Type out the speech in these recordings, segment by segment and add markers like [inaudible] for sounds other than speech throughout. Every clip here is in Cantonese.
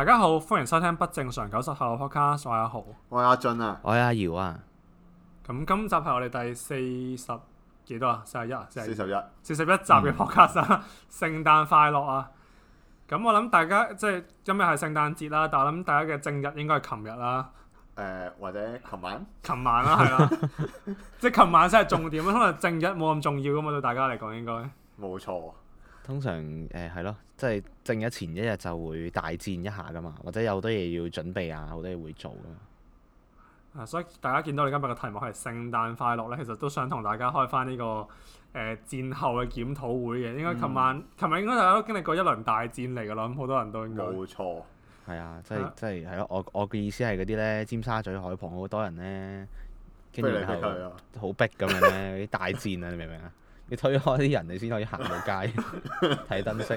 大家好，歡迎收聽不正常九十後 Podcast。我係阿豪，我係阿俊啊，我係阿姚啊。咁今集係我哋第四十幾多啊，四十一啊，四十一，四十一,四十一集嘅 Podcast、嗯。聖誕 [laughs] 快樂啊！咁我諗大家即係今日係聖誕節啦，但係諗大家嘅正日應該係琴日啦。誒、呃，或者琴晚，琴晚、啊、啦，係啦，即係琴晚先係重點啊。可能正日冇咁重要噶嘛，對大家嚟講應該冇錯。通常誒係咯，即、欸、係、就是、正日前一日就會大戰一下噶嘛，或者有好多嘢要準備啊，好多嘢會做噶嘛、啊。所以大家見到你今日嘅題目係聖誕快樂咧，其實都想同大家開翻呢、這個誒、呃、戰後嘅檢討會嘅。應該琴晚，琴日、嗯、應該大家都經歷過一輪大戰嚟噶啦，好多人都應該。冇錯。係啊，即係即係係咯，我我嘅意思係嗰啲咧，尖沙咀海旁好多人咧，跟住然後好逼咁樣咧，啲大戰啊，你明唔明啊？ [laughs] 你推開啲人，你先可以行到街睇燈飾。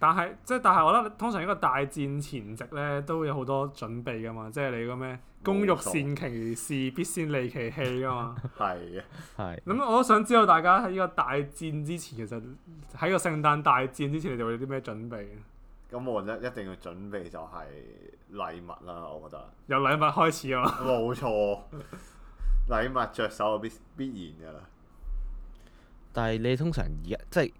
但係即係，但係我覺得通常一個大戰前夕呢，都有好多準備噶嘛。即係你個咩工欲善其事，必先利其器噶嘛。係啊，係。咁我都想知道大家喺呢個大戰之前，其實喺個聖誕大戰之前，你哋會有啲咩準備？咁我覺得一定要準備就係禮物啦。我覺得 [laughs] 由禮物開始啊， [laughs] 冇錯，禮物着手必必然噶啦。但係，你通常而家即係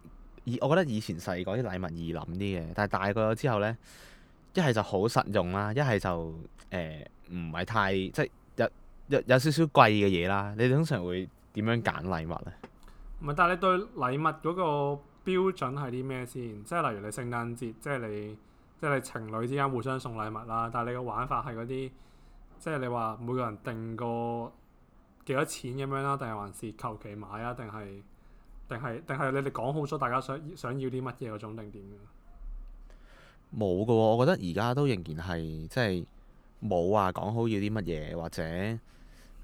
以我覺得以前細個啲禮物易諗啲嘅，但係大個咗之後呢，一係就好實用啦，一係就誒唔係太即係有有有少少貴嘅嘢啦。你哋通常會點樣揀禮物呢？唔係，但係你對禮物嗰個標準係啲咩先？即係例如你聖誕節，即係你即係你情侶之間互相送禮物啦。但係你個玩法係嗰啲，即係你話每個人定個幾多錢咁樣啦，定係還是求其買啊？定係？定係定係你哋講好咗，大家想想要啲乜嘢嗰種定點嘅？冇噶，我覺得而家都仍然係即係冇話，講好要啲乜嘢或者誒、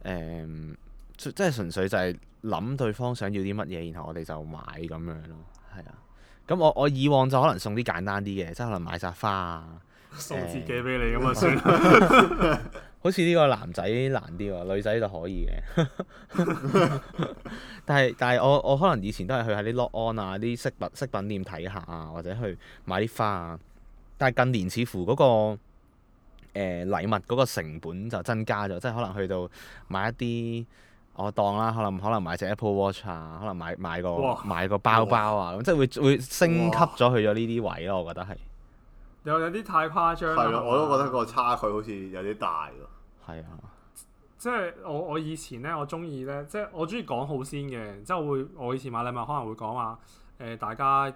嗯，即係純粹就係諗對方想要啲乜嘢，然後我哋就買咁樣咯。係啊，咁我我以往就可能送啲簡單啲嘅，即係可能買扎花啊，送自己俾你咁啊、呃、算。 [laughs] [laughs] 好似呢個男仔難啲喎，女仔就可以嘅。 [laughs] 但係但係我我可能以前都係去喺啲 lock on 啊，啲飾物飾品店睇下啊，或者去買啲花啊。但係近年似乎嗰、個誒、呃、禮物嗰個成本就增加咗，即係可能去到買一啲我當啦，可能可能買隻 Apple Watch 啊，可能買買個哇買個包包啊，咁哇即係會會升級咗去咗呢啲位咯、啊，我覺得係。又有啲太誇張，係咯的，我都覺得個差距好似有啲大咯。係啊的，即係我我以前咧，我中意咧，即係我中意講好先嘅，即係我會我以前買禮物可能會講話誒，大家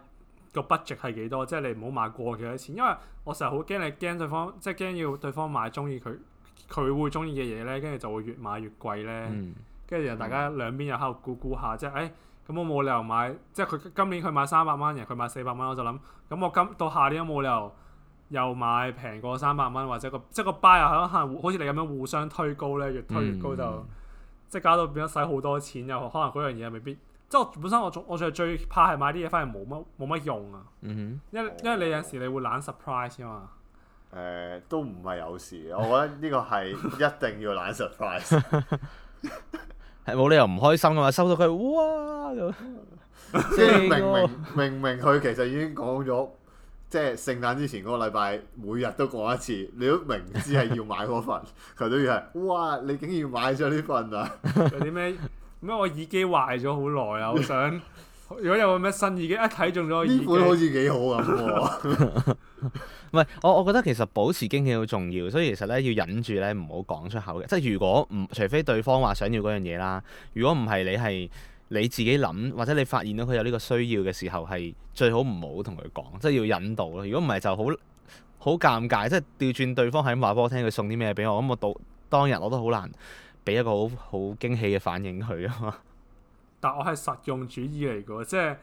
個 budget 係幾多，即係你唔好買過幾多錢，因為我成日好驚你驚對方，即係驚要對方買中意佢佢會中意嘅嘢咧，跟住就會越買越貴咧，跟住、嗯、大家兩邊又喺度估估下，即係誒咁我冇理由買，即係佢今年佢買三百蚊然後，佢買四百蚊，我就諗咁我今到下年都冇理由，又買平過三百蚊，或者個即係個 buy 又可能可能好似你咁樣互相推高咧，越推越高就、嗯、即係搞到變咗使好多錢，又可能嗰樣嘢未必。即係我本身我我最最怕係買啲嘢翻嚟冇乜冇乜用啊。嗯哼，因為因為你有時你會懶 surprise 啊嘛。誒、哦呃，都唔係有事。我覺得呢個係一定要懶 surprise，係冇理由唔開心噶嘛。收到佢哇，即 [laughs] 係個 [laughs] 明，明，明，明明明明佢其實已經講咗。即係聖誕之前嗰個禮拜，每日都過一次。你都明知係要買嗰份，佢 [laughs] 都要係哇！你竟然買咗呢份啊！有啲咩咩？我耳機壞咗好耐啊，好想如果有個咩新耳機，一睇中咗耳機。呢款好似幾好咁喎。唔係，我我覺得其實保持驚喜好重要，所以其實咧要忍住咧，唔好講出口嘅。即係如果唔除非對方話想要嗰樣嘢啦，如果唔係你係。你自己諗，或者你發現到佢有呢個需要嘅時候，係最好唔好同佢講，即係要引導咯。如果唔係，就好好尷尬，即係掉轉對方喺咁話俾我聽我，佢送啲咩俾我咁，我當當日我都好難俾一個好好驚喜嘅反應佢啊嘛。但我係實用主義嚟嘅，即係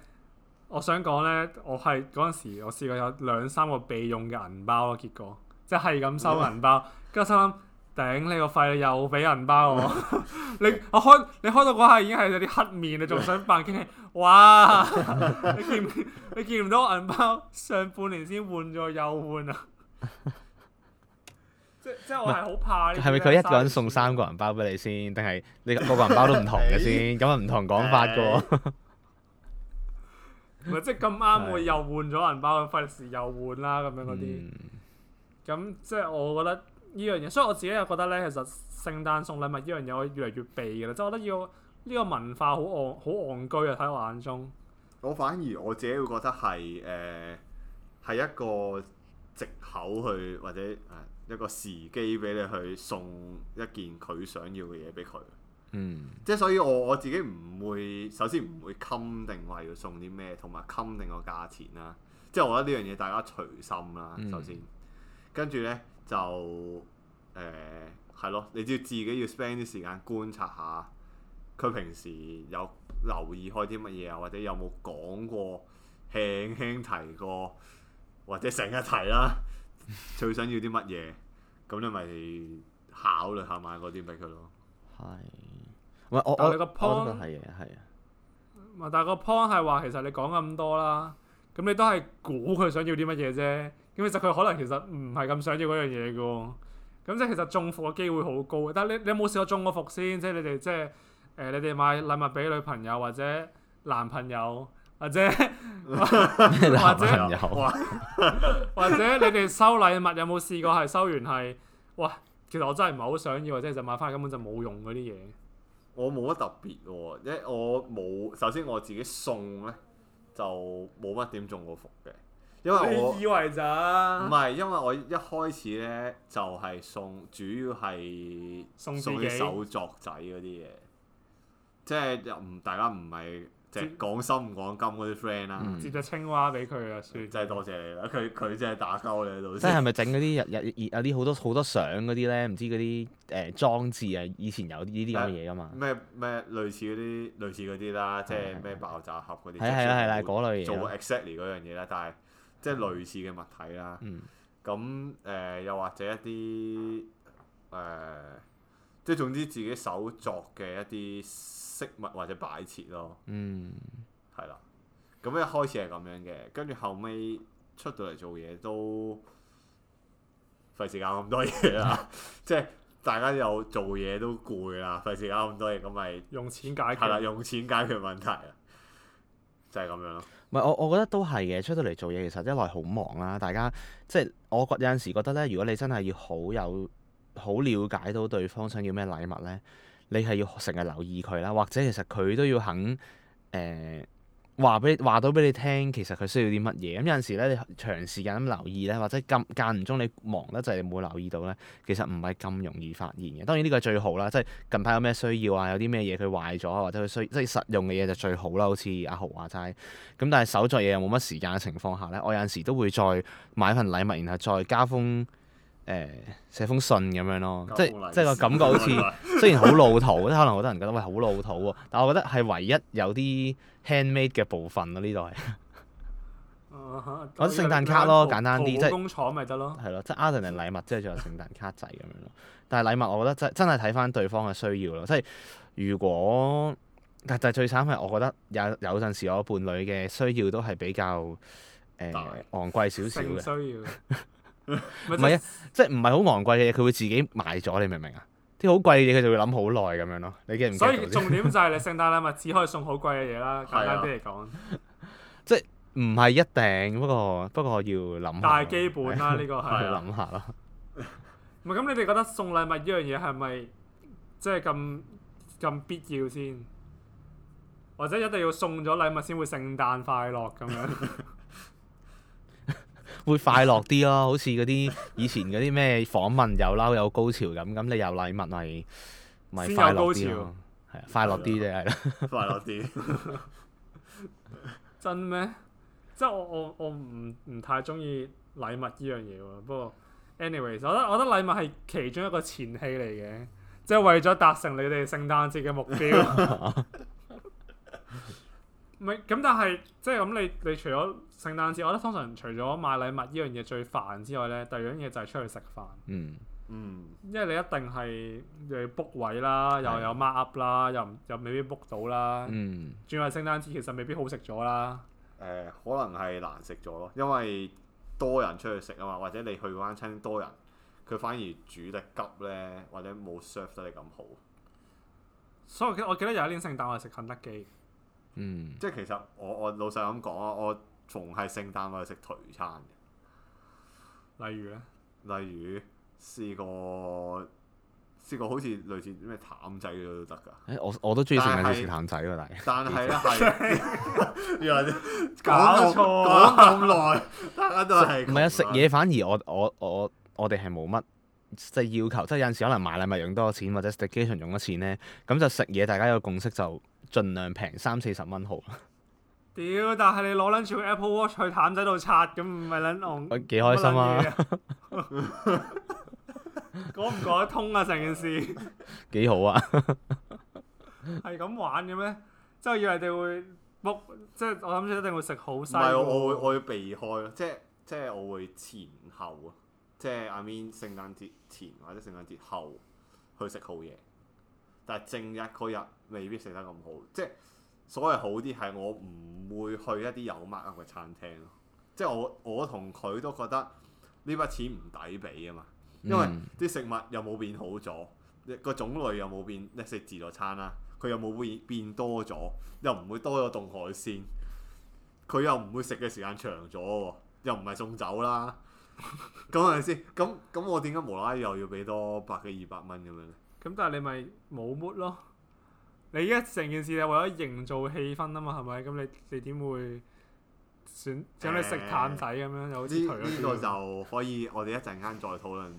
我想講呢，我係嗰陣時我試過有兩三個備用嘅銀包咯，結果即係咁收銀包，跟住心諗。 [laughs] 頂你個肺！又俾銀包我，你我開你開到嗰下已經係有啲黑面，你仲想扮驚？哇！你見唔你見唔到我銀包？上半年先換咗，又換啊！即即我係好怕。係咪佢一個人送三個銀包俾你先？定係你個個銀包都唔同嘅先？咁啊唔同講法噶。咪即咁啱，我又換咗銀包，費事又換啦。咁樣嗰啲。咁即係我覺得。呢樣嘢，所以我自己又覺得呢，其實聖誕送禮物呢樣嘢我越嚟越避嘅啦，即係我覺得要呢個文化好戇好戇居啊！喺我眼中，我反而我自己會覺得係誒係一個藉口去，或者一個時機俾你去送一件佢想要嘅嘢俾佢。嗯，即係所以我我自己唔會首先唔會襟定話要送啲咩，同埋襟定個價錢啦。即係我覺得呢樣嘢大家隨心啦。首先，嗯、跟住呢。就誒係咯，你只要自己要 spend 啲時間觀察下，佢平時有留意開啲乜嘢啊，或者有冇講過輕輕提過，或者成日提啦，最想要啲乜嘢，咁 [laughs] 你咪考慮下買嗰啲俾佢咯。係，我哋 point，我哋個 point 係啊係啊，但係個 point 係話其實你講咁多啦，咁你都係估佢想要啲乜嘢啫。咁其實佢可能其實唔係咁想要嗰樣嘢嘅喎，咁即係其實中伏嘅機會好高嘅。但係你你有冇試過中過伏先？即係你哋即係誒、呃，你哋買禮物俾女朋友或者男朋友，或者或者你哋收禮物有冇試過係收完係，哇！其實我真係唔係好想要，或者就買翻嚟根本就冇用嗰啲嘢。我冇乜特別喎，一我冇，首先我自己送咧就冇乜點中過伏嘅。因為我以為咋？唔係，因為我一開始咧就係、是、送，主要係送啲手作仔嗰啲嘢，即係又唔大家唔係即係講心唔講金嗰啲 friend 啦。接咗、嗯、青蛙俾佢啊！真係多謝你啦！佢佢即係打鳩你喺度。即係係咪整嗰啲日日有啲好多好多相嗰啲咧？唔知嗰啲誒裝置啊，以前有呢啲咁嘅嘢噶嘛？咩咩類似嗰啲類似嗰啲啦，即係咩爆炸盒嗰啲？係係係啦，嗰類嘢做 exactly 嗰樣嘢啦，但係。即係類似嘅物體啦，咁誒、嗯呃、又或者一啲誒、呃，即係總之自己手作嘅一啲飾物或者擺設咯，嗯，係啦。咁一開始係咁樣嘅，跟住後尾出到嚟做嘢都費事搞咁多嘢啦，即係、嗯、 [laughs] 大家有做嘢都攰啦，費事搞咁多嘢，咁咪用錢解決，係啦，用錢解決問題啊，就係、是、咁樣咯。唔係我，我覺得都係嘅。出到嚟做嘢，其實一來好忙啦，啊。大家即係我覺有陣時覺得咧，如果你真係要好有好了解到對方想要咩禮物咧，你係要成日留意佢啦。或者其實佢都要肯誒、呃話俾話到俾你聽，其實佢需要啲乜嘢？咁、嗯、有陣時咧，你長時間咁留意咧，或者間間唔中你忙得滯冇留意到咧，其實唔係咁容易發現嘅。當然呢個係最好啦，即係近排有咩需要啊，有啲咩嘢佢壞咗啊，或者佢需即係實用嘅嘢就最好啦。好似阿豪話齋咁，但係手作嘢又冇乜時間嘅情況下咧，我有陣時都會再買份禮物，然後再加封。誒、欸、寫封信咁樣咯，即係即係個感覺好似雖然好老土，即 [laughs] 可能好多人覺得喂好老土喎，但我覺得係唯一有啲 handmade 嘅部分咯，呢度係。啊哈！或者聖誕卡咯，嗯嗯嗯嗯、簡單啲即係。手工廠咪得咯。係咯，即係 add on 禮物 [laughs] 即係仲有聖誕卡仔咁樣咯。但係禮物我覺得真真係睇翻對方嘅需要咯。即係如果但係最慘係我覺得有有陣時我伴侶嘅需要都係比較誒、呃、但 昂貴少少嘅。需 [laughs] 唔係啊，就係、即係唔係好昂貴嘅嘢，佢會自己買咗，你明唔明啊？啲好貴嘅嘢佢就會諗好耐咁樣咯。你記唔記得？所以重點就係你聖誕禮物只可以送好貴嘅嘢啦， [laughs] 簡單啲嚟講。啊、 [laughs] 即係唔係一定，不過不過要諗下。但係基本啦、啊，呢、 [laughs] 呢個係要諗下啦。唔係咁， [laughs] 你哋覺得送禮物呢樣嘢係咪即係咁咁必要先？或者一定要送咗禮物先會聖誕快樂咁樣？ [laughs] 會快樂啲咯、啊，好似嗰啲以前嗰啲咩訪問有嬲有高潮咁，咁你有禮物咪咪先有高潮，快樂啲咯、啊，快樂啲啫係啦，快樂啲。的 [laughs] 真咩？即係我我我唔唔太中意禮物呢樣嘢喎。不過 anyways，我覺得我覺得禮物係其中一個前戲嚟嘅，即係為咗達成你哋聖誕節嘅目標。 [laughs] 咁，但係即係咁。你你除咗聖誕節，我覺得通常除咗買禮物呢樣嘢最煩之外呢，第二樣嘢就係出去食飯。嗯嗯，因為你一定係又要 book 位啦，嗯、又有 mark up 啦，又又未必 book 到啦。嗯，轉去聖誕節其實未必好食咗啦。誒、呃，可能係難食咗咯，因為多人出去食啊嘛，或者你去嗰班親多人，佢反而煮得急呢，或者冇 serve 得你咁好。所以我記得有一年聖誕我係食肯德基。嗯，即係其實我我老實咁講啊，我逢係聖誕我就食頹餐嘅。例如咧，例如試過試過好似類似咩淡仔都得噶。誒、欸，我我都中意食類似淡仔噶，但係但係咧係，搞錯講咁耐， [laughs] 大家都係唔係啊？食嘢反而我我我我哋係冇乜即係要求，即係有陣時可能買禮物用多錢，或者 staycation 用咗錢咧，咁就食嘢，大家有個共識就，盡量平三四十蚊毫。屌！但係你攞撚住 Apple Watch 去譚仔度刷咁，唔係撚戇。幾開心啊！講唔講得通啊？成件事幾好啊？係 [laughs] 咁 [laughs] 玩嘅咩？即係以為你會卜，即係我諗住一定會食好晒。係，我會我會避開，即係即係我會前後啊，即係 I 阿 mean 聖誕節前或者聖誕節後去食好嘢。但係正日嗰日，未必食得咁好，即係所謂好啲係我唔會去一啲有 mark 嘅餐廳。即係我我同佢都覺得呢筆錢唔抵俾啊嘛，因為啲食物又冇變好咗，個種類又冇變，你食自助餐啦、啊，佢又冇變變多咗，又唔會多咗凍海鮮，佢又唔會食嘅時間長咗、啊，又唔係送酒啦。咁係咪先？咁咁我點解無啦啦又要俾多百幾二百蚊咁樣？咁但係你咪冇 mood 咯？你而家成件事係為咗營造氣氛啊嘛，係咪？咁你你點會選？請你食淡仔咁樣有啲似呢？呢、呃這個、就可以我，我哋一陣間再討論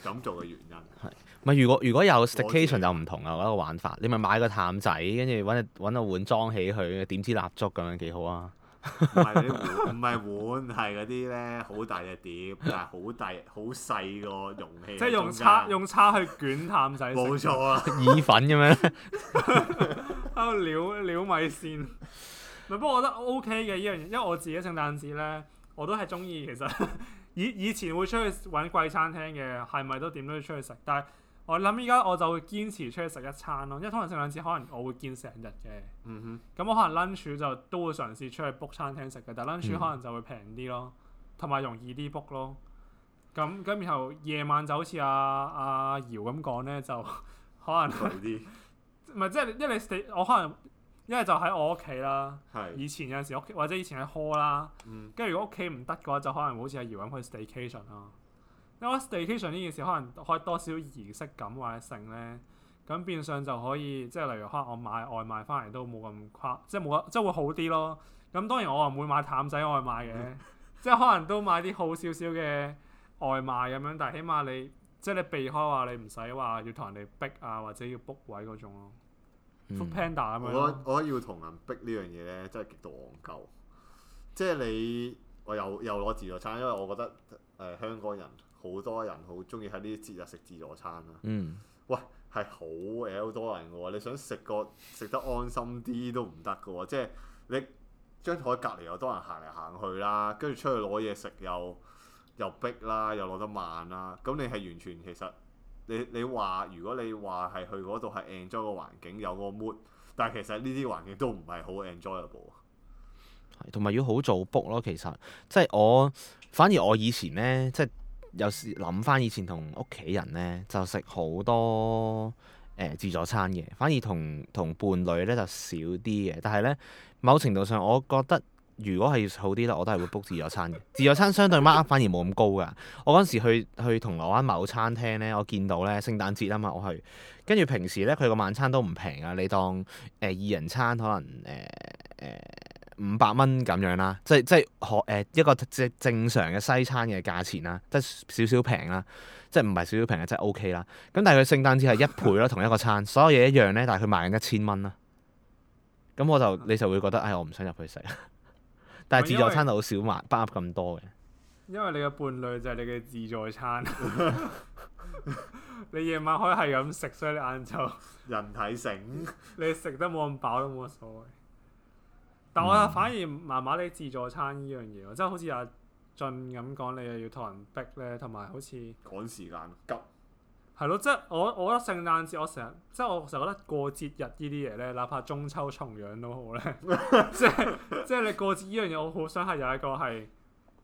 咁做嘅原因。係咪？如果如果有 staycation 就唔同啊！一個玩法，你咪買個淡仔，跟住揾揾個碗裝起佢，點支蠟燭咁樣幾好啊！唔係啲碗，唔係碗，係嗰啲咧好大隻碟，但係好大好細個容器。即係用叉用叉去捲啖仔食。冇錯啊，意粉咁樣喺度料料米線。唔 [laughs] 不過我覺得 OK 嘅依樣嘢，因為我自己聖誕節咧，我都係中意其實以以前會出去揾貴餐廳嘅，係咪都點都要出去食，但係。我諗依家我就會堅持出去食一餐咯，因為通常食兩次可能我會見成日嘅。咁、嗯、哼我可能 lunch 就都會嘗試出去 book 餐廳食嘅，但 lunch 可能就會平啲咯，同埋、嗯、容易啲 book 咯。咁咁然後夜晚就好似阿阿姚咁講咧，就可能貴啲。唔係即係，因為你 ay, 我可能因為就喺我屋企啦。是以前有陣時屋企，或者以前喺 hall 啦。跟住、嗯、如果屋企唔得嘅話，就可能好似阿姚咁去 staycation 咯。我 staycation 呢件事可能開多少儀式感或者性咧，咁變相就可以即係例如可能我買外賣翻嚟都冇咁誇，即係冇即係會好啲咯。咁當然我又唔會買淡仔外賣嘅， [laughs] 即係可能都買啲好少少嘅外賣咁樣，但係起碼你即係你避開話你唔使話要同人哋逼啊，或者要 book 位嗰種、嗯、咯。panda 咁樣，我我要同人逼呢樣嘢咧，真係極度戇鳩。即係你我又又攞自助餐，因為我覺得誒、呃、香港人。好多人好中意喺呢啲節日食自助餐啦。嗯，喂，係好好多人嘅喎，你想食個食得安心啲都唔得嘅喎，即係你張台隔離又多人行嚟行去啦，跟住出去攞嘢食又又逼啦，又攞得慢啦。咁你係完全其實你你話如果你話係去嗰度係 enjoy 個環境有個 mood，但係其實呢啲環境都唔係好 enjoyable。同埋要好早 book 咯，其實即係我反而我以前呢。即係。有時諗翻以前同屋企人咧，就食好多誒、呃、自助餐嘅，反而同同伴侶咧就少啲嘅。但係咧，某程度上我覺得如果係好啲啦，我都係會 book 自助餐嘅。自助餐相對 mark 反而冇咁高㗎。我嗰時去去銅鑼灣某餐廳咧，我見到咧聖誕節啊嘛，我去跟住平時咧佢個晚餐都唔平呀。你當誒、呃、二人餐可能誒誒。呃呃五百蚊咁樣啦，即係即係學誒一個正正常嘅西餐嘅價錢啦，即係少少平啦，即係唔係少少平嘅，即係 O K 啦。咁但係佢聖誕節係一倍咯，同一個餐， [laughs] 所有嘢一樣咧，但係佢賣緊一千蚊啦。咁我就你就會覺得，唉、哎，我唔想入去食。但係自助餐就好少買包咁多嘅，因為你嘅伴侶就係你嘅自助餐。 [laughs] [laughs] 你夜晚可以係咁食，所以你晏晝人體性， [laughs] 你食得冇咁飽都冇乜所謂。但我又反而麻麻地自助餐呢，嗯、樣嘢即係好似阿俊咁講，你又要同人逼咧，同埋好似趕時間急，係咯，即係我我覺得聖誕節我成日即係我成日覺得過節日呢啲嘢咧，哪怕中秋重陽都好咧，即係即係你過節呢樣嘢，我好想係有一個係誒，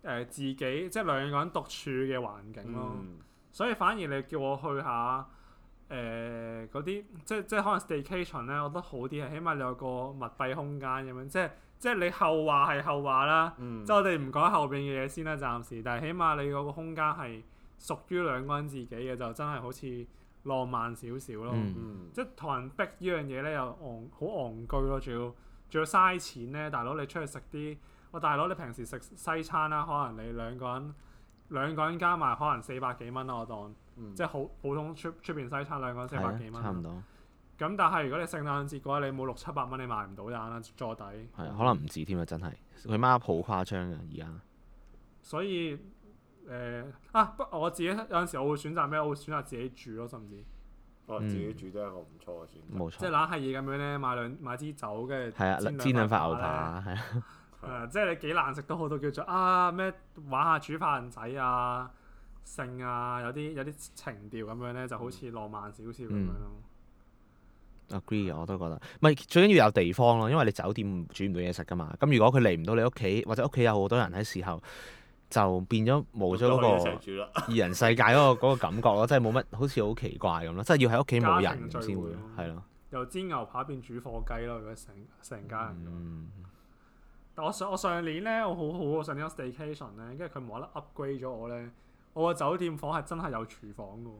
呃，自己即係，就是，兩個人獨處嘅環境咯，嗯、所以反而你叫我去下。誒嗰啲即即可能 staycation 咧，我覺得好啲啊，起碼你有個密閉空間咁樣，即即你後話係後話啦，嗯、即我哋唔講後邊嘅嘢先啦，暫時，但係起碼你嗰個空間係屬於兩個人自己嘅，就真係好似浪漫少少咯，嗯嗯、即同人逼依樣嘢咧又戇好戇居咯，仲要仲要嘥錢咧，大佬你出去食啲，我、哦、大佬你平時食西餐啦，可能你兩個人。兩個人加埋可能四百幾蚊咯，我當，嗯、即係好普通出出邊西餐兩個人四百幾蚊，差唔多。咁但係如果你聖誕節嘅話，你冇六七百蚊你買唔到嘅啦，坐底。係啊，可能唔止添啊，真係，佢 mark 好誇張嘅而家。所以誒、呃、啊，不，我自己有陣時我會選擇咩？我會選擇自己煮咯，甚至。我、嗯、自己煮都係一個唔錯嘅選擇。冇錯。即係冷下嘢咁樣咧，買兩買支酒跟住，係啊，煎兩塊牛扒，係啊的。 [laughs] [noise] 嗯、即係你幾難食都好，都叫做啊咩玩下煮飯仔啊、性啊，有啲有啲情調咁樣呢就好似浪漫少少咁樣，agree 我都覺得，咪最緊要有地方咯，因為你酒店煮唔到嘢食噶嘛。咁如果佢嚟唔到你屋企，或者屋企有好多人喺時候，就變咗冇咗嗰個二人世界嗰個感覺咯， [laughs] 即係冇乜好似好奇怪咁咯，即係要喺屋企冇人先會，係咯，由煎牛扒變煮火雞咯，如果成成家人、嗯。嗯我上我上年咧，我好好喎。我上年個 staycation 咧，跟住佢無啦啦 upgrade 咗我咧，我個酒店房係真係有廚房嘅喎。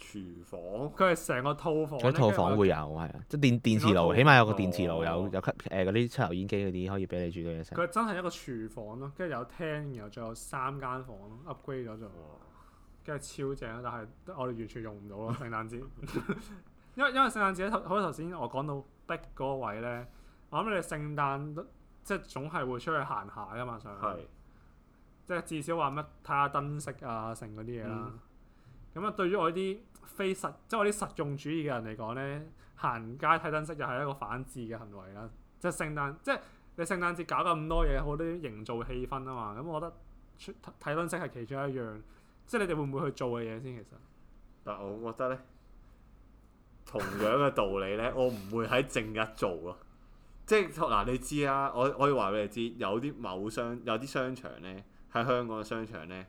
廚房？佢係成個套房。嗰套房會有，係啊，即電電磁爐，起碼有個電磁爐，哦，有有吸嗰啲抽油煙機嗰啲，可以俾你煮啲嘢食。佢真係一個廚房咯，跟住有廳，然後仲有，有，有三間房 upgrade 咗就，跟住哇超正，但係我哋完全用唔到咯，聖誕節。因為因為聖誕節頭好頭先我講到壁嗰個位咧，我諗你哋聖誕。即係總係會出去行下噶嘛，上去。即係至少話乜睇下燈飾啊，剩嗰啲嘢啦。咁啊，對於我啲非實即係我啲實用主義嘅人嚟講咧，行街睇燈飾又係一個反智嘅行為啦。即係聖誕，即係你聖誕節搞咁多嘢，好多營造氣氛啊嘛。咁我覺得睇燈飾係其中一樣。即係你哋會唔會去做嘅嘢先？其實，但，我覺得咧，同樣嘅道理咧， [laughs] 我唔會喺正日做咯。即係嗱，你知啦，我可以話俾你知，有啲某商有啲商場呢，喺香港嘅商場呢，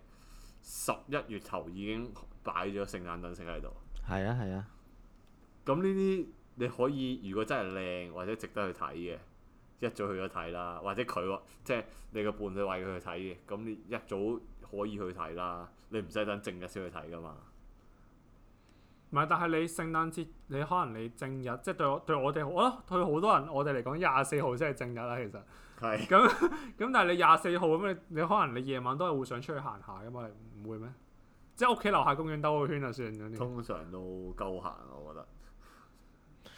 十一月頭已經擺咗聖誕燈飾喺度。係啊，係啊。咁呢啲你可以，如果真係靚或者值得去睇嘅，一早去咗睇啦。或者佢喎，即係你個伴侶話要佢去睇嘅，咁你一早可以去睇啦。你唔使等正日先去睇噶嘛。唔係，但係你聖誕節，你可能你正日，即係對我對我哋，我覺得對好多人，我哋嚟講廿四號先係正日啦，啊。其實係咁咁，是 [laughs] 但係你廿四號咁，你你可能你夜晚都係會想出去行下噶嘛？你唔會咩？即係屋企樓下公園兜個圈就算嗰啲。通常都夠閒，我覺得。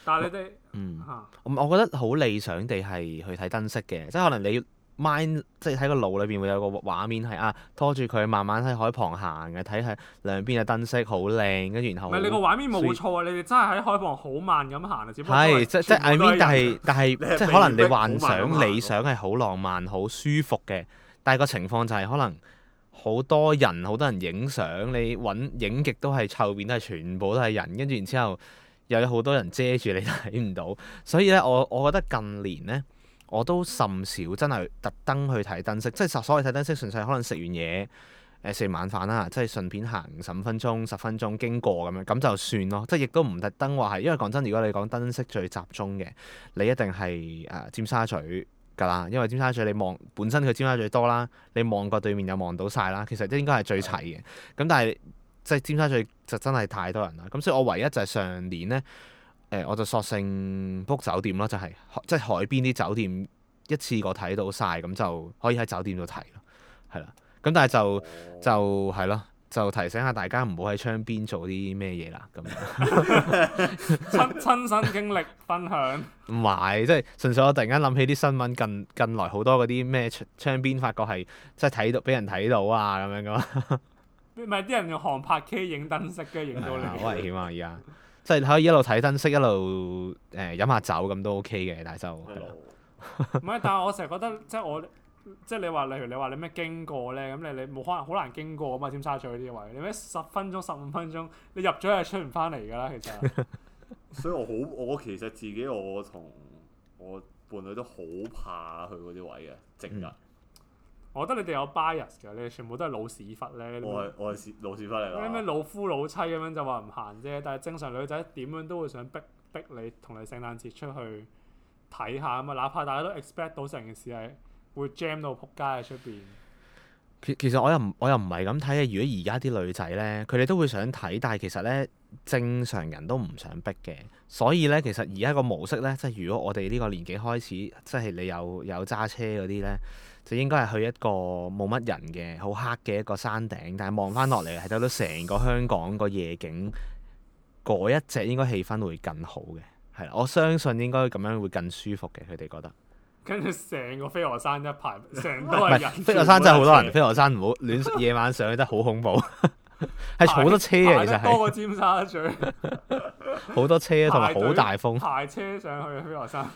但係你哋嗯，我是我覺得好理想地係去睇燈飾嘅，即係可能你。mind 即係喺個腦裏邊會有個畫面係啊，拖住佢慢慢喺海旁行嘅，睇下兩邊嘅燈飾好靚，跟住然後唔係你個畫面冇錯啊！以你哋真係喺海旁好慢咁行啊，只不過係即是即 I mean，但係但係即係可能你幻想、啊、理想係好浪漫、好舒服嘅，但係個情況就係可能好多人、好多人影相，你揾影極都係湊面都係全部都係人，跟住然之後有好多人遮住你睇唔到，所以咧我我，我覺得近年咧。我都甚少真係特登去睇燈飾，即係所所謂睇燈飾，純粹可能食完嘢誒食完晚飯啦、啊，即係順便行十五分鐘、十分鐘經過咁樣咁就算咯，即係亦都唔特登話係。因為講真，如果你講燈飾最集中嘅，你一定係誒、呃、尖沙咀㗎啦，因為尖沙咀你望本身佢尖沙咀多啦，你望過對面又望到晒啦，其實應該係最齊嘅。咁、嗯、但係即係尖沙咀就真係太多人啦。咁所以我唯一就係上年咧。誒、欸，我就索性 book 酒店咯，就係即係海邊啲酒店一次過睇到晒，咁就可以喺酒店度睇，係啦。咁但係就就係咯，就提醒下大家唔好喺窗邊做啲咩嘢啦。咁 [laughs] [laughs] 親親身經歷分享，唔係即係純粹我突然間諗起啲新聞近近來好多嗰啲咩窗窗邊發覺係即係睇到俾人睇到啊咁樣噶嘛？唔係啲人用航拍機影燈飾嘅，影到你。好危險啊而家。即係可以一路睇燈飾，一路誒、呃、飲下酒咁都 OK 嘅，但係就唔係。但係我成日覺得，即係我即係你話，例如你話你咩經過咧？咁你你冇可能好難經過啊嘛？尖沙咀啲位，你咩十分鐘、十五分鐘，你入咗係出唔翻嚟㗎啦。其實， [laughs] 所以我好，我其實自己我同我伴侶都好怕去嗰啲位嘅，直噶。嗯我覺得你哋有 bias 㗎，你哋全部都係老屎忽咧。我係老屎忽嚟咩？咩老夫老妻咁樣就話唔行啫？但係正常女仔點樣都會想逼逼你同你聖誕節出去睇下啊嘛，哪怕大家都 expect 到成件事係會 jam 到仆街喺出邊。其其實我又唔我又唔係咁睇嘅。如果而家啲女仔咧，佢哋都會想睇，但係其實咧，正常人都唔想逼嘅，所以咧，其實而家個模式咧，即係如果我哋呢個年紀開始，即係你有有揸車嗰啲咧。就應該係去一個冇乜人嘅、好黑嘅一個山頂，但係望翻落嚟係睇到成個香港個夜景，嗰一隻應該氣氛會更好嘅，係。我相信應該咁樣會更舒服嘅，佢哋覺得。跟住成個飛鵝山一排，成都係人。 [laughs] 是飛鵝山真係好多人，飛鵝山唔好亂夜晚上，上去得好恐怖，係 [laughs] 好多車啊，其實係。多過尖沙咀。好 [laughs] [laughs] 多車同埋好大風。排車上去飛鵝山。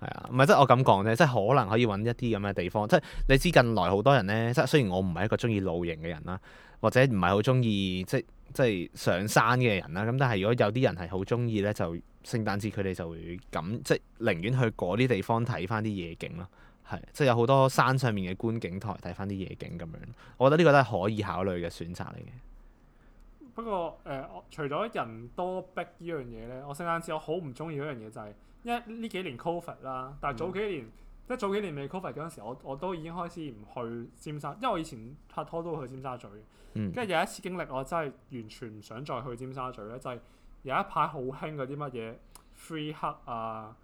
係啊，唔係即係我咁講啫，即係可能可以揾一啲咁嘅地方，即係你知近來好多人呢，即係雖然我唔係一個中意露營嘅人啦，或者唔係好中意即係即係上山嘅人啦，咁但係如果有啲人係好中意呢，就聖誕節佢哋就會咁，即係寧願去嗰啲地方睇翻啲夜景咯，係、啊、即係有好多山上面嘅觀景台睇翻啲夜景咁樣，我覺得呢個都係可以考慮嘅選擇嚟嘅。不過誒、呃，除咗人多逼呢樣嘢呢，我聖誕節我好唔中意嗰樣嘢就係、是。一呢幾年 cover 啦，但係早幾年，一、嗯、早幾年未 cover 嗰時，我我都已經開始唔去尖沙，因為我以前拍拖都會去尖沙咀。跟住、嗯、有一次經歷，我真係完全唔想再去尖沙咀咧，就係、是、有一排好興嗰啲乜嘢 free 黑啊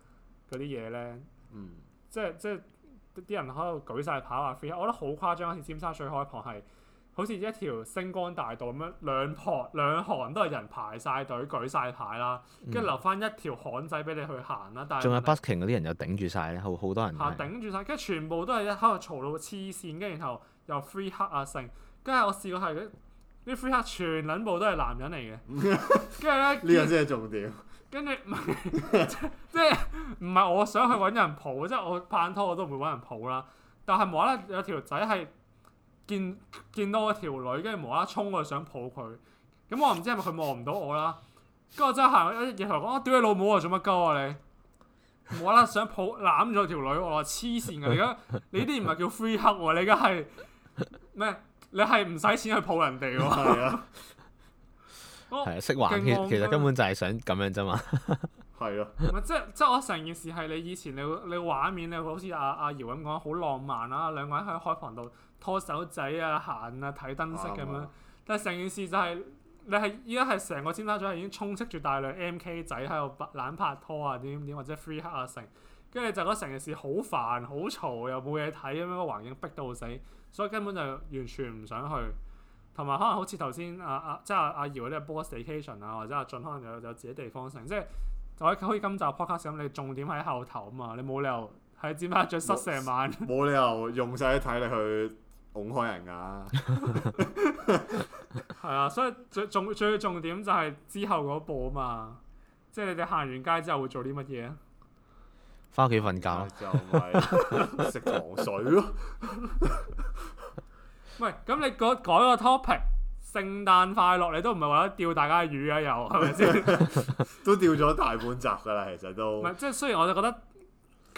嗰啲嘢咧，即係即係啲人喺度舉晒牌話 free，hug，我覺得好誇張，好似尖沙咀海傍係。好似一條星光大道咁樣，兩旁兩行都係人排晒隊舉晒牌啦，跟住留翻一條巷仔俾你去行啦。但係仲有 busking 嗰啲人又頂住晒，咧，好好多人。行，頂住晒。跟住全部都係喺度嘈到黐線，跟住然後又 free hug 啊剩，跟住我試過係啲 free hug 全撚部都係男人嚟嘅，跟住咧呢樣先係重點。跟住 [laughs] [laughs] 即係唔係我想去揾人抱，即係 [laughs] 我拍拖我都唔會揾人抱啦。但係無啦啦有條仔係。見見到一條女，跟住無啦啦衝過去想抱佢，咁我唔知係咪佢望唔到我啦，跟住我真係行過，然後講：我、啊、屌你老母啊，做乜鳩啊你？無啦啦想抱攬咗條女，我話黐線㗎你而家，你啲唔係叫 free hug 喎，你而家係咩？你係唔使錢去抱人哋喎。係啊，係識玩其實根本就係想咁樣啫嘛。係 [laughs] 啊的，即係即係我成件事係你以前你你畫面你好似阿阿姚咁講，好浪漫啊。兩個人喺開房度。拖手仔啊、行啊、睇燈飾咁樣，啊、但係成件事就係、是、你係依家係成個尖沙咀係已經充斥住大量 M K 仔喺度懶拍拖啊、點點點或者 free 黑啊成，跟住就覺得成件事好煩、好嘈又冇嘢睇咁樣，個環境逼到死，所以根本就完全唔想去。同埋可能好似頭先阿阿即係阿阿姚嗰啲波 station 啊或者阿、啊、俊可能有有自己地方性、啊，即係可以可以今集 podcast 咁，你重點喺後頭啊嘛，你冇理由喺尖沙咀塞成晚，冇理由用晒啲體力去。㧬開人噶，係啊，所以最重最重點就係之後嗰步啊嘛，即係你哋行完街之後會做啲乜嘢啊？返屋企瞓覺咯，就係食、就係、糖水咯 [laughs] [laughs] 喂，咁你改改個 topic，聖誕快樂，你都唔係為咗釣大家嘅魚啊？又係咪先？係係 [laughs] [laughs] 都釣咗大半集噶啦，其實都。唔係，即係雖然我就覺得。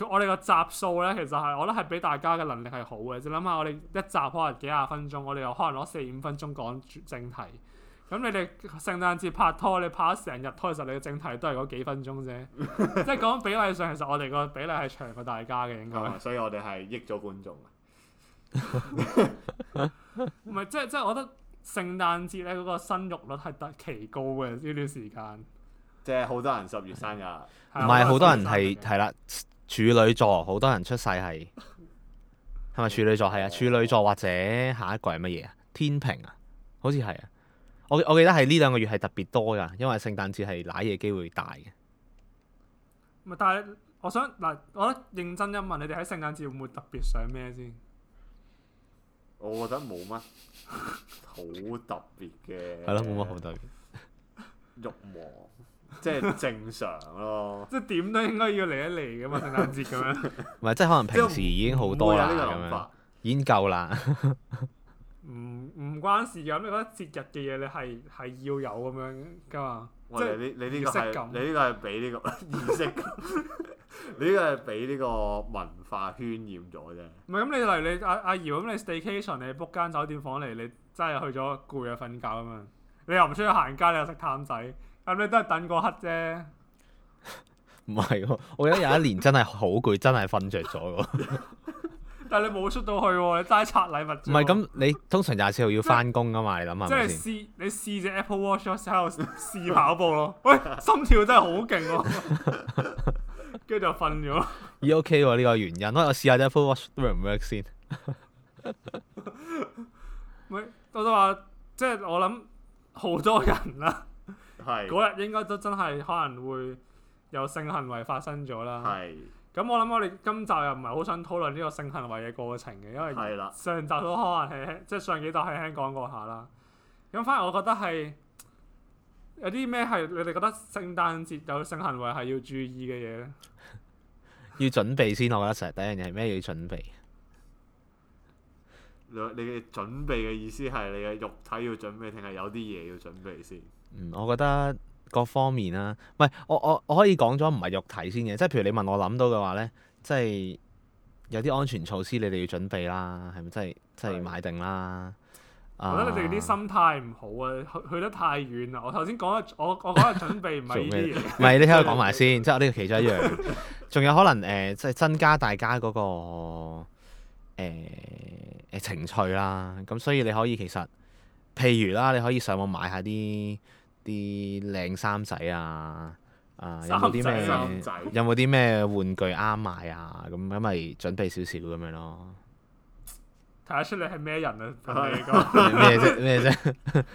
我哋個集數咧，其實係我覺得係俾大家嘅能力係好嘅。你諗下，我哋一集可能幾廿分鐘，我哋又可能攞四五分鐘講正題。咁你哋聖誕節拍拖，你拍咗成日拖，其實你嘅正題都係嗰幾分鐘啫。 [laughs] 即係講比例上，其實我哋個比例係長過大家嘅，應該、uh。Huh, 嗯、所以我哋係益咗觀眾。唔係，即係即係，我覺得聖誕節咧嗰個生育率係得奇高嘅呢段時間。即係好多人十月生日，唔係好多人係係啦。 [laughs] 處女座，好多人出世係係咪處女座？係啊，處女座或者下一個係乜嘢啊？天秤啊，好似係啊。我我記得係呢兩個月係特別多噶，因為聖誕節係揦嘢機會大嘅。但係我想嗱，我覺得認真一問你哋喺聖誕節會唔會特別想咩先？我覺得冇乜好特別嘅，係咯，冇乜好特別，慾望。即係正常咯，即係點都應該要嚟一嚟噶嘛，聖誕節咁樣。唔係，即係可能平時已經好多人咁樣，已經夠啦。唔唔關事嘅，咁你覺得節日嘅嘢你係係要有咁樣㗎嘛？喂即係你你呢個係你呢個係俾呢個意識， [laughs] [laughs] 你呢個係俾呢個文化渲染咗啫。唔係咁，你例如你阿阿瑤咁，你 staycation 你 book 間酒店房嚟，你真係去咗攰啊，瞓覺咁樣。你又唔出去行街，你又識貪仔。咁你都係等嗰黑啫，唔係喎。我記得有一年真係好攰， [laughs] 真係瞓著咗喎。 [laughs] [laughs] 但係你冇出到去喎、啊，你齋拆禮物。唔係咁，你通常廿四號要翻工噶嘛？你諗下即係試你試隻 Apple Watch 嚟試跑步咯。喂、 [laughs] 哎，心跳真係好勁喎，跟 [laughs] 住就瞓咗。咦 [laughs] ？OK 喎、啊，呢、這個原因，我試下隻 Apple Watch work 唔 work 先。喂 [laughs] [laughs] 我都話，即、就、係、是、我諗好多人啦、啊。 [laughs] 嗰日是應該都真係可能會有性行為發生咗啦。咁，是的 我諗我哋今集又唔係好想討論呢個性行為嘅過程嘅，因為上集都可能係是的 即係上幾集係輕講過下啦。咁，反而我覺得係有啲咩係你哋覺得聖誕節有性行為係要注意嘅嘢咧？ [laughs] 要準備先，我覺得成日第一樣嘢係咩要準備？你嘅準備嘅意思係你嘅肉體要準備，定係有啲嘢要準備先？我覺得各方面啦、啊，唔係我我我可以講咗唔係肉體先嘅，即係譬如你問我諗到嘅話咧，即係有啲安全措施你哋要準備啦，係咪？即係即係買定啦。的啊、我覺得你哋啲心態唔好啊，去得太遠啦。我頭先講咗，我我講嘅準備唔係啲嘢。唔係 [laughs] 你睇佢講埋先，即係呢個其中一樣，仲有可能誒，即、呃、係、就是、增加大家嗰、那個誒、呃、情趣啦。咁所以你可以其實譬如啦，你可以上網買下啲。啲靚衫仔啊，啊有冇啲咩衫仔，有冇啲咩玩具啱買啊？咁咁咪準備少少咁樣咯。睇得出你係咩人啊？啊你講咩啫咩啫？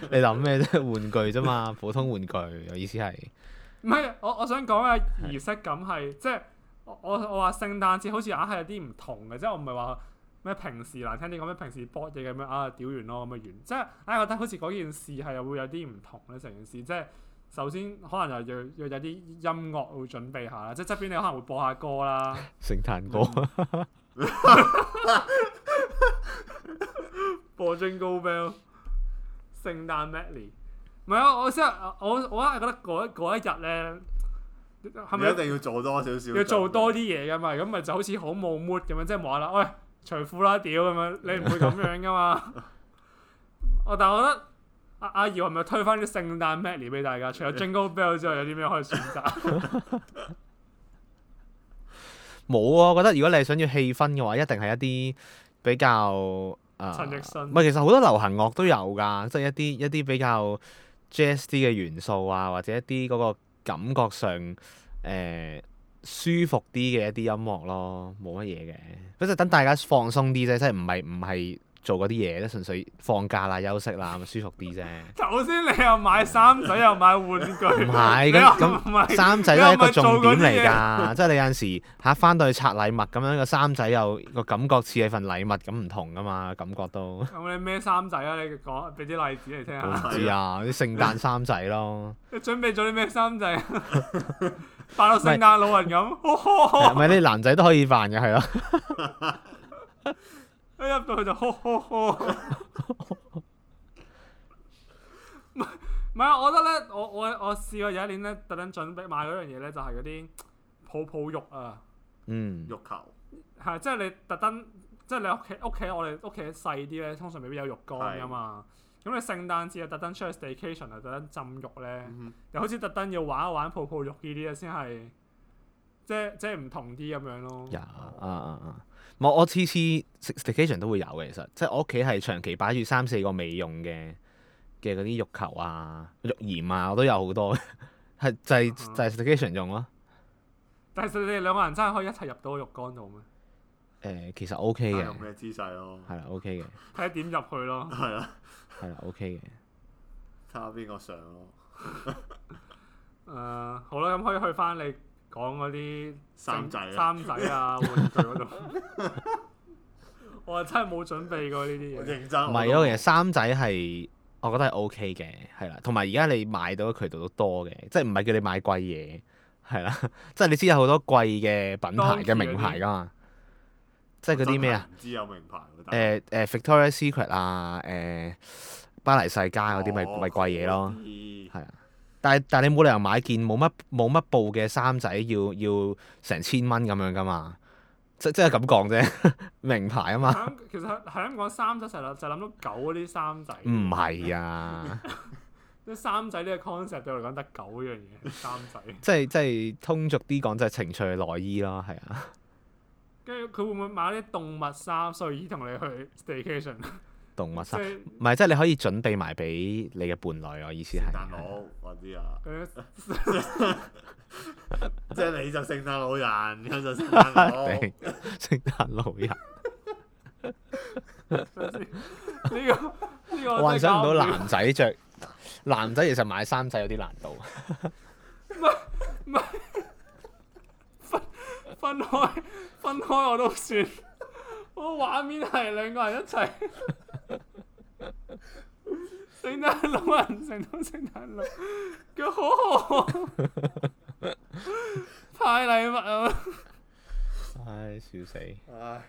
你諗咩啫？玩具啫嘛，普通玩具。我意思係唔係？我我想講嘅儀式感係即係我我我話聖誕節好似硬係有啲唔同嘅，即係我唔係話。咩平時難聽啲咁樣，平時播嘢咁樣啊，屌完咯，咁嘅完即係唉，覺得好似嗰件事係會有啲唔同咧，成件事即係首先可能又要又有啲音樂要準備下啦，即係側邊你可能會播下歌啦，聖誕歌播 Jingle Bell、聖誕 Medley，唔係啊！我即係我我硬係覺得嗰一日咧係咪一定要做多少少，要做多啲嘢㗎嘛？咁咪 [laughs] 就好似好冇 mood 咁樣，即係話啦，喂、哎！除褲啦，屌咁樣，你唔會咁樣噶嘛？ [laughs] [laughs] 我但係我覺得、啊、阿阿姚係咪推翻啲聖誕 Merry 俾大家？除咗 Jingle Bell 之外，有啲咩可以選擇？冇 [laughs] 啊，我覺得如果你係想要氣氛嘅話，一定係一啲比較啊。呃、陳奕迅唔係其實好多流行樂都有㗎，即係一啲一啲比較 Jazz 啲嘅元素啊，或者一啲嗰個感覺上誒。呃舒服啲嘅一啲音樂咯，冇乜嘢嘅，不過等大家放鬆啲啫，即係唔係？唔係。做嗰啲嘢都純粹放假啦、休息啦，咁舒服啲啫。頭先你又買衫仔，又買玩具，唔係咁咁，衫仔都係一個重點嚟㗎。即係你有陣時嚇翻到去拆禮物咁樣，個衫仔又個感覺似係份禮物咁唔同㗎嘛，感覺都。咁你咩衫仔啊？你講俾啲例子嚟聽下。我知啊，啲聖誕衫仔咯。你準備咗啲咩衫仔？扮到聖誕老人咁，唔係你男仔都可以扮嘅，係咯。一入到去就哼哼哼，呵呵呵，唔係啊！我覺得咧，我我我試過有一年咧，特登準備買嗰樣嘢咧，就係嗰啲泡泡浴啊。嗯，浴球係，即係你特登，即係你屋企屋企，我哋屋企細啲咧，通常未必有浴缸噶嘛。咁是你聖誕節啊，特登出去 staycation 啊，特登浸浴咧，又好似特登要玩一玩泡泡浴呢啲啊，先係即即係唔同啲咁樣咯。啊啊啊！我次次食 staycation 都會有嘅，其實即係我屋企係長期擺住三四個未用嘅嘅嗰啲浴球啊、浴鹽啊，我都有好多，係 [laughs] 就係、是、就係、是、staycation 用咯。但係你哋兩個人真係可以一齊入到個浴缸度咩？誒、呃，其實 O K 嘅。用咩姿勢咯？係啦，O K 嘅。睇點入去咯？係啦， [laughs] 係啦，O K 嘅。睇下邊個上咯？誒、 [laughs] uh,，好啦，咁可以去翻你。講嗰啲衫仔、衫仔啊，玩具嗰度我真係冇準備過呢啲嘢。唔係啊，其實衫仔係我覺得係 OK 嘅，係啦。同埋而家你買到嘅渠道都多嘅，即係唔係叫你買貴嘢，係啦。 [laughs] 即係你知有好多貴嘅品牌嘅名牌噶嘛，即係嗰啲咩啊？唔知有名牌，誒誒、欸欸、Victoria Secret 啊，誒、欸，巴黎世家嗰啲咪咪貴嘢咯，係啊、哦。但係但係你冇理由買件冇乜冇乜布嘅衫仔要要成千蚊咁樣㗎嘛？即即係咁講啫， [laughs] 名牌啊嘛。其實香港衫仔成日就諗到狗嗰啲衫仔。唔係啊，即係衫仔呢個 concept 對我嚟講得狗呢樣嘢衫仔。 [laughs] 即係即係通俗啲講，就係情趣內衣啦，係啊。跟住佢會唔會買啲動物衫睡衣同你去 staycation [laughs] 動物衫唔係，即係你可以準備埋俾你嘅伴侶。我意思係。我知啊。即係你， [laughs] [laughs] 你就聖誕老人，就聖誕， [laughs] 聖誕老人。老 [laughs] 人。呢個呢個。幻、這個、想唔到男仔着男仔，其實買衫仔有啲難度。唔係唔係分分開分開，我都算。我畫面係兩個人一齊。 [laughs] 聖誕老人成日都聖誕老人，腳好紅，派禮物啊！唉，笑死！唉，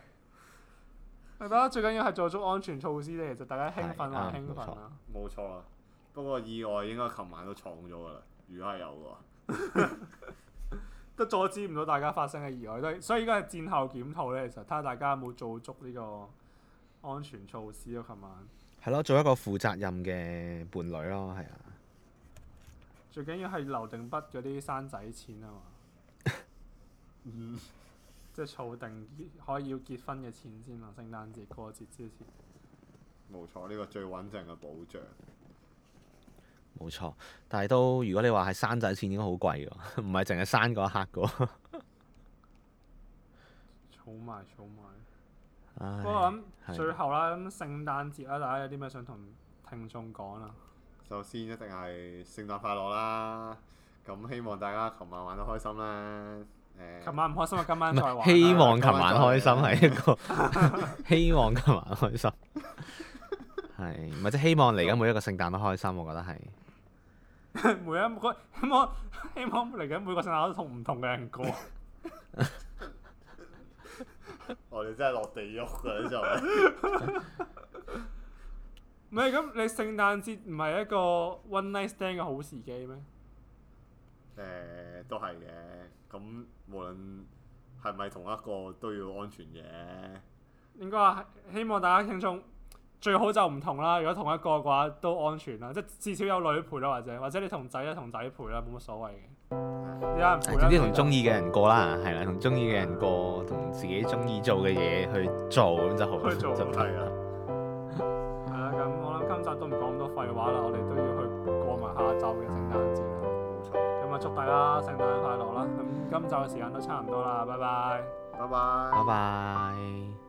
係啦，最緊要係做足安全措施啫。其實大家興奮啊，對興奮啊，冇錯啊！不過意外應該琴晚都闖咗噶啦，如果係有嘅話， [laughs] [laughs] 都阻止唔到大家發生嘅意外。都所以而家係戰後檢討咧，其實睇下大家有冇做足呢個安全措施咯。琴晚。係咯，做一個負責任嘅伴侶咯，係啊。最緊要係留定筆嗰啲生仔錢啊嘛、 [laughs] 嗯。即係儲定可以要結婚嘅錢先啦，聖誕節過節之前。冇錯，呢個最穩陣嘅保障。冇錯，但係都如果你話係生仔錢，應該好貴㗎喎，唔係淨係生嗰一刻㗎喎 [laughs] 儲埋儲埋。唉不過諗最後啦，咁聖誕節啦，大家有啲咩想同聽眾講啊？首先一定係聖誕快樂啦！咁希望大家琴晚玩得開心啦。誒、欸，琴晚唔開心啊，今晚再玩。希望琴晚開心係一個， [laughs] [laughs] 希望琴晚開心係，或者 [laughs] [laughs] 希望嚟緊每一個聖誕都開心，我覺得係。 [laughs] 每一個希望，希望嚟緊每個聖誕都同唔同嘅人過。 [laughs] [laughs] 我哋、哦、真係落地獄噶呢種，唔係，咁你聖誕節唔係一個 one night stand 嘅好時機咩？誒、欸，都係嘅，咁無論係咪同一個都要安全嘅，應該話希望大家聽眾，最好就唔同啦。如果同一個嘅話都安全啦，即至少有女陪啦，或者或者你同仔啊同仔陪啦，冇乜所謂嘅。總之同中意嘅人過啦，係啦、嗯，同中意嘅人過，同自己中意做嘅嘢去做，咁就好。係啊做，係啦，咁、 [laughs] 嗯、我諗今集都唔講咁多廢話啦，我哋都要去過埋下一周嘅聖誕節啦，冇錯。咁啊，祝大家聖誕快樂啦！咁今集嘅時間都差唔多啦，拜拜，拜拜，拜拜。